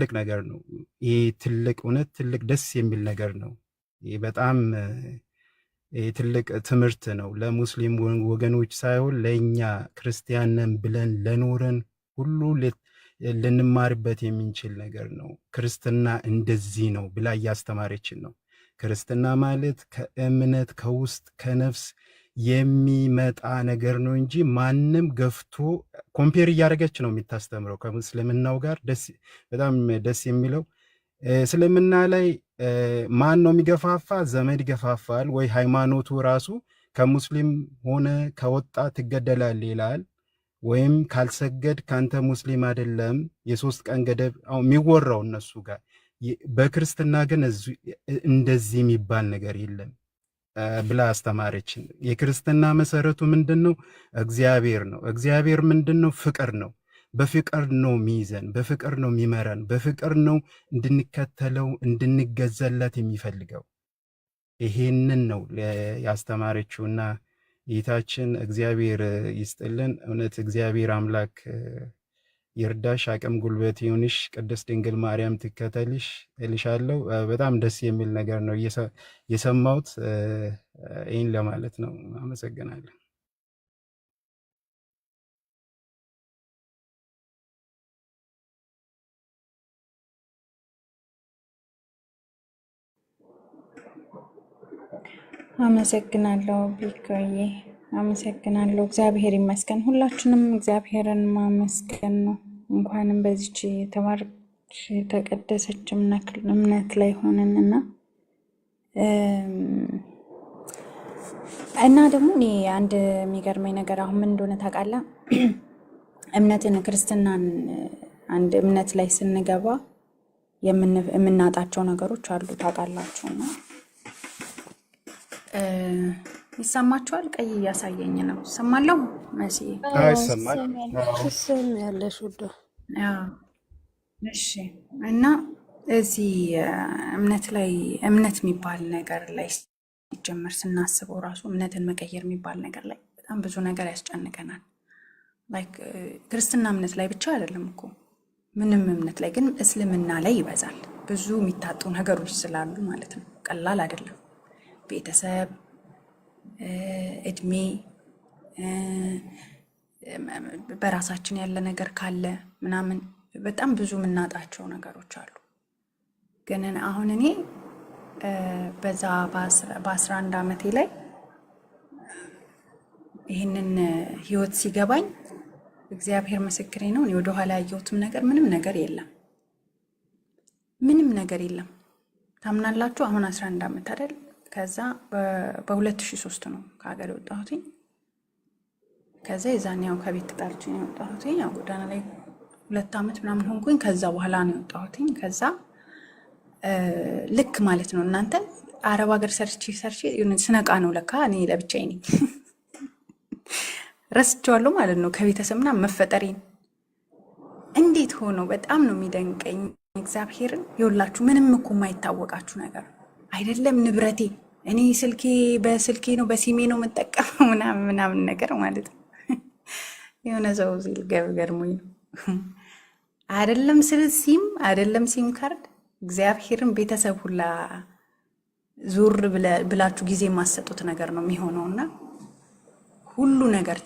ትልቅ ነገር ነው። ይህ ትልቅ እውነት ትልቅ ደስ የሚል ነገር ነው። ይህ በጣም ትልቅ ትምህርት ነው ለሙስሊም ወገኖች ሳይሆን ለእኛ ክርስቲያንን ብለን ለኖረን ሁሉ ልንማርበት የምንችል ነገር ነው። ክርስትና እንደዚህ ነው ብላ እያስተማረችን ነው። ክርስትና ማለት ከእምነት ከውስጥ ከነፍስ የሚመጣ ነገር ነው እንጂ ማንም ገፍቶ ኮምፔር እያደረገች ነው የምታስተምረው ከእስልምናው ጋር። በጣም ደስ የሚለው እስልምና ላይ ማን ነው የሚገፋፋ? ዘመድ ይገፋፋል ወይ ሃይማኖቱ ራሱ ከሙስሊም ሆነ ከወጣ ትገደላል ይላል። ወይም ካልሰገድ ከአንተ ሙስሊም አይደለም የሶስት ቀን ገደብ የሚወራው እነሱ ጋር። በክርስትና ግን እንደዚህ የሚባል ነገር የለም። ብላ አስተማረችን። የክርስትና መሰረቱ ምንድን ነው? እግዚአብሔር ነው። እግዚአብሔር ምንድን ነው? ፍቅር ነው። በፍቅር ነው የሚይዘን፣ በፍቅር ነው የሚመራን፣ በፍቅር ነው እንድንከተለው እንድንገዛላት የሚፈልገው። ይሄንን ነው ያስተማረችውና ጌታችን እግዚአብሔር ይስጥልን። እውነት እግዚአብሔር አምላክ ይርዳሽ፣ አቅም ጉልበት ይሁንሽ፣ ቅድስት ድንግል ማርያም ትከተልሽ እልሻለሁ። በጣም ደስ የሚል ነገር ነው የሰማሁት። ይህን ለማለት ነው። አመሰግናለሁ። አመሰግናለሁ ቢኮዬ። አመሰግናለሁ። እግዚአብሔር ይመስገን። ሁላችንም እግዚአብሔርን ማመስገን ነው። እንኳንም በዚች የተባረከች የተቀደሰች እምነት ላይ ሆነን እና እና ደግሞ እኔ አንድ የሚገርመኝ ነገር አሁን ምን እንደሆነ ታውቃለህ? እምነትን ክርስትናን አንድ እምነት ላይ ስንገባ የምናጣቸው ነገሮች አሉ ታውቃላችሁ ነው ይሰማችኋል? ቀይ እያሳየኝ ነው። ይሰማለሁ መሲ ያለሽ ወዶ እሺ። እና እዚህ እምነት ላይ እምነት የሚባል ነገር ላይ ሲጀመር ስናስበው ራሱ እምነትን መቀየር የሚባል ነገር ላይ በጣም ብዙ ነገር ያስጨንቀናል። ላይክ ክርስትና እምነት ላይ ብቻ አይደለም እኮ ምንም እምነት ላይ ግን እስልምና ላይ ይበዛል። ብዙ የሚታጡ ነገሮች ስላሉ ማለት ነው። ቀላል አይደለም። ቤተሰብ እድሜ፣ በራሳችን ያለ ነገር ካለ ምናምን በጣም ብዙ የምናጣቸው ነገሮች አሉ። ግን አሁን እኔ በዛ በአስራ አንድ ዓመቴ ላይ ይህንን ህይወት ሲገባኝ እግዚአብሔር ምስክሬ ነው። ወደኋላ ያየሁትም ነገር ምንም ነገር የለም፣ ምንም ነገር የለም። ታምናላችሁ? አሁን አስራ አንድ ዓመት አይደል ከዛ በ2003 ነው ከሀገር የወጣሁትኝ። ከዛ የዛን ያው ከቤት ተጣልቼ ነው የወጣሁትኝ። ያው ጎዳና ላይ ሁለት ዓመት ምናምን ሆንኩኝ። ከዛ በኋላ ነው የወጣሁትኝ። ከዛ ልክ ማለት ነው እናንተ አረብ ሀገር ሰርቼ ሰርቼ ስነቃ ነው ለካ እኔ ለብቻዬ ነኝ ረስቸዋለሁ ማለት ነው ከቤተሰብ ምናምን መፈጠሬን እንዴት ሆነው በጣም ነው የሚደንቀኝ። እግዚአብሔርን የወላችሁ ምንም እኮ የማይታወቃችሁ ነገር አይደለም ንብረቴ እኔ ስልኬ በስልኬ ነው በሲሜ ነው የምጠቀመው ምናምን ምናምን ነገር ማለት ነው። የሆነ ሰው ሲል ገርሞኝ ነው። አይደለም ስል ሲም አይደለም ሲም ካርድ እግዚአብሔርን ቤተሰብ ሁላ ዙር ብላችሁ ጊዜ የማሰጡት ነገር ነው የሚሆነው እና ሁሉ ነገር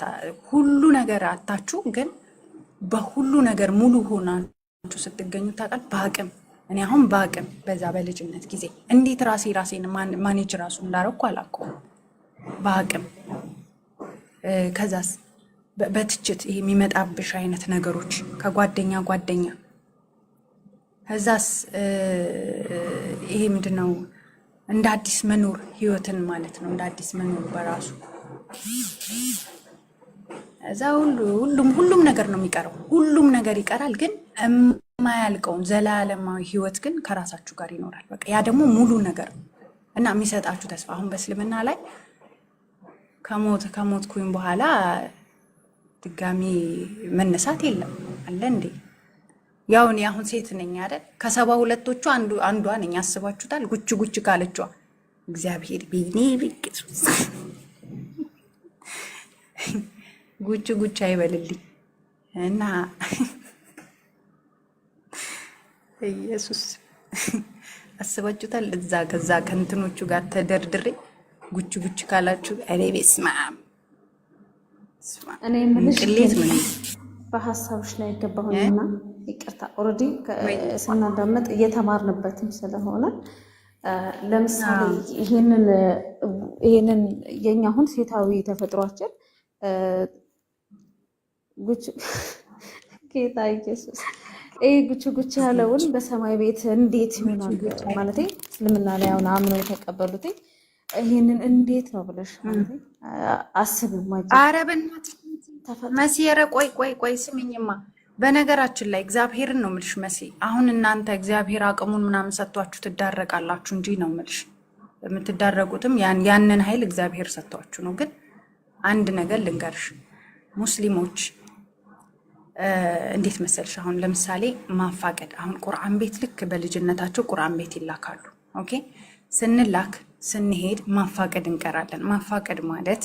ሁሉ ነገር አታችሁ ግን በሁሉ ነገር ሙሉ ሆናችሁ ስትገኙ ታውቃል በአቅም እኔ አሁን በአቅም በዛ በልጅነት ጊዜ እንዴት ራሴ ራሴን ማኔጅ ራሱ እንዳረኩ አላውቀውም። በአቅም ከዛስ በትችት ይሄ የሚመጣብሽ አይነት ነገሮች ከጓደኛ ጓደኛ ከዛስ ይሄ ምንድን ነው እንደ አዲስ መኖር ህይወትን ማለት ነው እንደ አዲስ መኖር በራሱ እዛ ሁሉም ሁሉም ነገር ነው የሚቀረው። ሁሉም ነገር ይቀራል ግን የማያልቀውን ዘላለማዊ ህይወት ግን ከራሳችሁ ጋር ይኖራል። በቃ ያ ደግሞ ሙሉ ነገር እና የሚሰጣችሁ ተስፋ አሁን በእስልምና ላይ ከሞት ከሞትኩኝ በኋላ ድጋሚ መነሳት የለም አለ እንዴ? ያው እኔ አሁን ሴት ነኝ አይደል? ከሰባ ሁለቶቹ አንዷ ነኝ። አስባችሁታል? ጉች ጉች ካለችዋ እግዚአብሔር ቤኔ ቤቅት ጉች ጉች አይበልልኝ እና ኢየሱስ አስባችሁታል? እዛ ከዛ ከንትኖቹ ጋር ተደርድሬ ጉች ጉች ካላችሁ እኔ ቤስማ እኔ ምልሽሌት ምን በሀሳቦች ላይ ይገባሁንና ይቅርታ ኦልሬዲ ስናዳመጥ እየተማርንበትም ስለሆነ ለምሳሌ ይሄንን የኛ አሁን ሴታዊ ተፈጥሯችን ጉች ጌታ ኢየሱስ ይህ ጉች ጉች ያለውን በሰማይ ቤት እንዴት ይሆናል ማለት እስልምና ላይ አሁን አምነው የተቀበሉት ይህንን እንዴት ነው ብለሽ አስብ። መሲ መሲረ ቆይ ቆይ ቆይ ስምኝማ በነገራችን ላይ እግዚአብሔርን ነው ምልሽ መሲ። አሁን እናንተ እግዚአብሔር አቅሙን ምናምን ሰጥቷችሁ ትዳረቃላችሁ እንጂ ነው ምልሽ። የምትዳረጉትም ያንን ኃይል እግዚአብሔር ሰጥቷችሁ ነው። ግን አንድ ነገር ልንገርሽ ሙስሊሞች እንዴት መሰልሽ፣ አሁን ለምሳሌ ማፋቀድ አሁን ቁርአን ቤት ልክ በልጅነታቸው ቁርአን ቤት ይላካሉ። ኦኬ ስንላክ ስንሄድ ማፋቀድ እንቀራለን። ማፋቀድ ማለት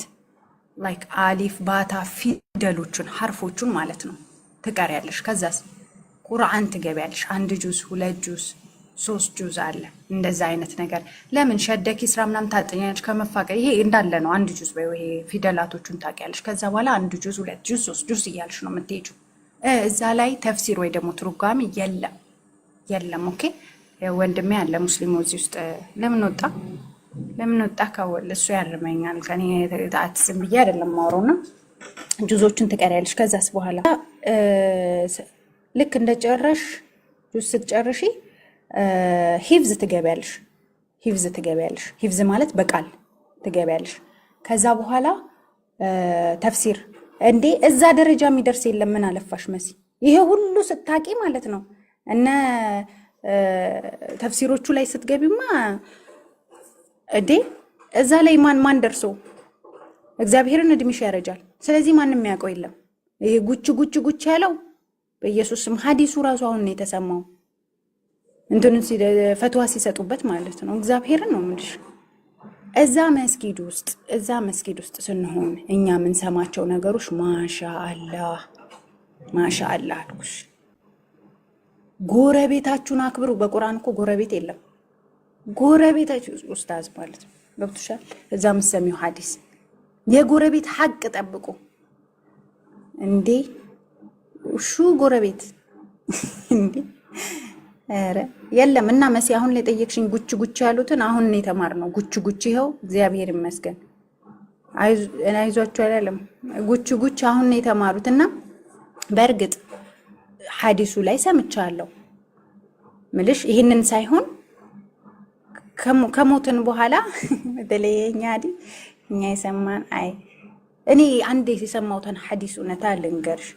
ላይክ አሊፍ ባታ ፊደሎቹን ሐርፎቹን ማለት ነው ትቀሪያለሽ። ከዛስ ቁርአን ትገቢያለሽ። አንድ ጁዝ ሁለት ጁዝ ሶስት ጁዝ አለ እንደዛ አይነት ነገር። ለምን ሸደኪ ስራ ምናምን ታጠኛለሽ ከመፋቀድ ይሄ እንዳለ ነው። አንድ ጁዝ በይ ይሄ ፊደላቶቹን ታውቂያለሽ። ከዛ በኋላ አንድ ጁዝ ሁለት ጁዝ ሶስት ጁዝ እያልሽ ነው የምትሄጂው እዛ ላይ ተፍሲር ወይ ደግሞ ትርጓሚ የለም የለም። ኦኬ ወንድሜ ያለ ሙስሊሙ እዚህ ውስጥ ለምን ወጣ ለምን ወጣ? ከወል እሱ ያርመኛል። ከኔ ጣት ብዬ አይደለም ማውረውና ጁዞችን ትቀሪያለሽ። ከዛስ በኋላ ልክ እንደ ጨረሽ ስትጨርሺ ሂቭዝ ትገቢያለሽ። ሂቭዝ ትገቢያለሽ። ሂቭዝ ማለት በቃል ትገቢያለሽ። ከዛ በኋላ ተፍሲር እንዴ እዛ ደረጃ የሚደርስ የለም። ምን አለፋሽ መሲ፣ ይሄ ሁሉ ስታቂ ማለት ነው እነ ተፍሲሮቹ ላይ ስትገቢማ እንዴ እዛ ላይ ማን ማን ደርሶ እግዚአብሔርን እድሜሽ ያረጃል። ስለዚህ ማንም የሚያውቀው የለም። ይሄ ጉች ጉች ጉች ያለው በኢየሱስ ስም ሀዲሱ ራሱ አሁን ነው የተሰማው። እንትኑን ፈትዋ ሲሰጡበት ማለት ነው። እግዚአብሔርን ነው የምልሽ። እዛ መስጊድ ውስጥ እዛ መስጊድ ውስጥ ስንሆን እኛ የምንሰማቸው ነገሮች ማሻአላ ማሻአላ አልኩሽ። ጎረቤታችሁን አክብሩ። በቁርአን እኮ ጎረቤት የለም። ጎረቤታችሁ ኡስታዝ ማለት ነው። ገብቶሻል? እዛ የምትሰሚው ሐዲስ የጎረቤት ሀቅ ጠብቁ። እንዴ ሹ ጎረቤት እንዴ የለም እና መሲ አሁን ላይ ጠየቅሽኝ። ጉች ጉች ያሉትን አሁን ነው የተማርነው። ጉች ጉች ይኸው እግዚአብሔር ይመስገን አይዟቸው አላለም። ጉች ጉች አሁን ነው የተማሩት እና በእርግጥ ሀዲሱ ላይ ሰምቻለሁ ምልሽ ይህንን ሳይሆን ከሞትን በኋላ በተለይ እኛ ዲ እኛ የሰማን አይ እኔ አንድ የሰማሁትን ሀዲስ እውነታ ልንገርሽ፣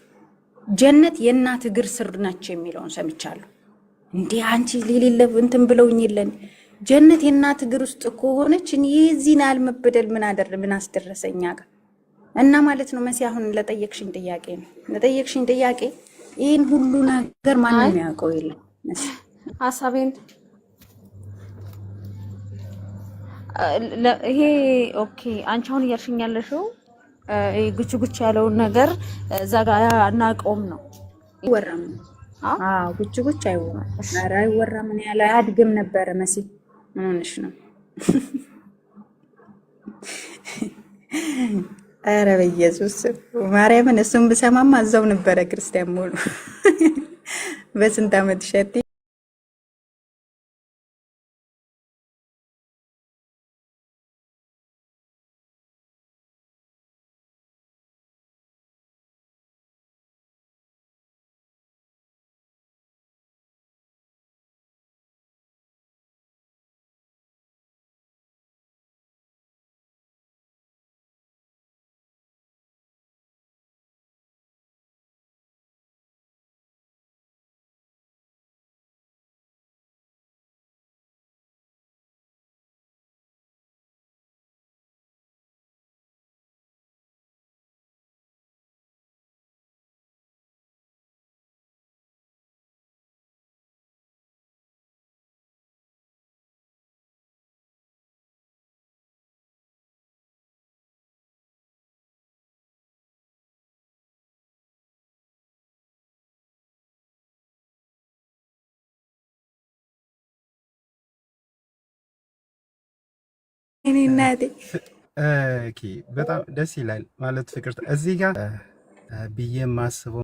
ጀነት የእናት እግር ስር ነች የሚለውን ሰምቻለሁ። እንዴ አንቺ ሌሌለ እንትን ብለውኝ የለን ጀነት የእናት እግር ውስጥ ከሆነች የዚህን ያህል መበደል ምን አደር ምን አስደረሰኛ ጋር እና ማለት ነው መሲ አሁን ለጠየቅሽኝ ጥያቄ ነው ለጠየቅሽኝ ጥያቄ ይህን ሁሉ ነገር ማንም ያውቀው የለም ሀሳቤን ይሄ ኦኬ አንቺ አሁን እያልሽኝ ያለሽው ጉች ጉች ያለውን ነገር እዛ ጋር አናውቀውም ነው ነው ጉች ጉች አይወራም፣ አይወራም። ምን ያለ አድግም ነበረ መሲ። ምን ሆነሽ ነው? ኧረ በኢየሱስ ማርያምን፣ እሱን ብሰማማ እዛው ነበረ ክርስቲያን መሆኑ በስንት ዓመት ሸቴ በጣም ደስ ይላል ማለት ፍቅር እዚህ ጋር ብዬ ማስበው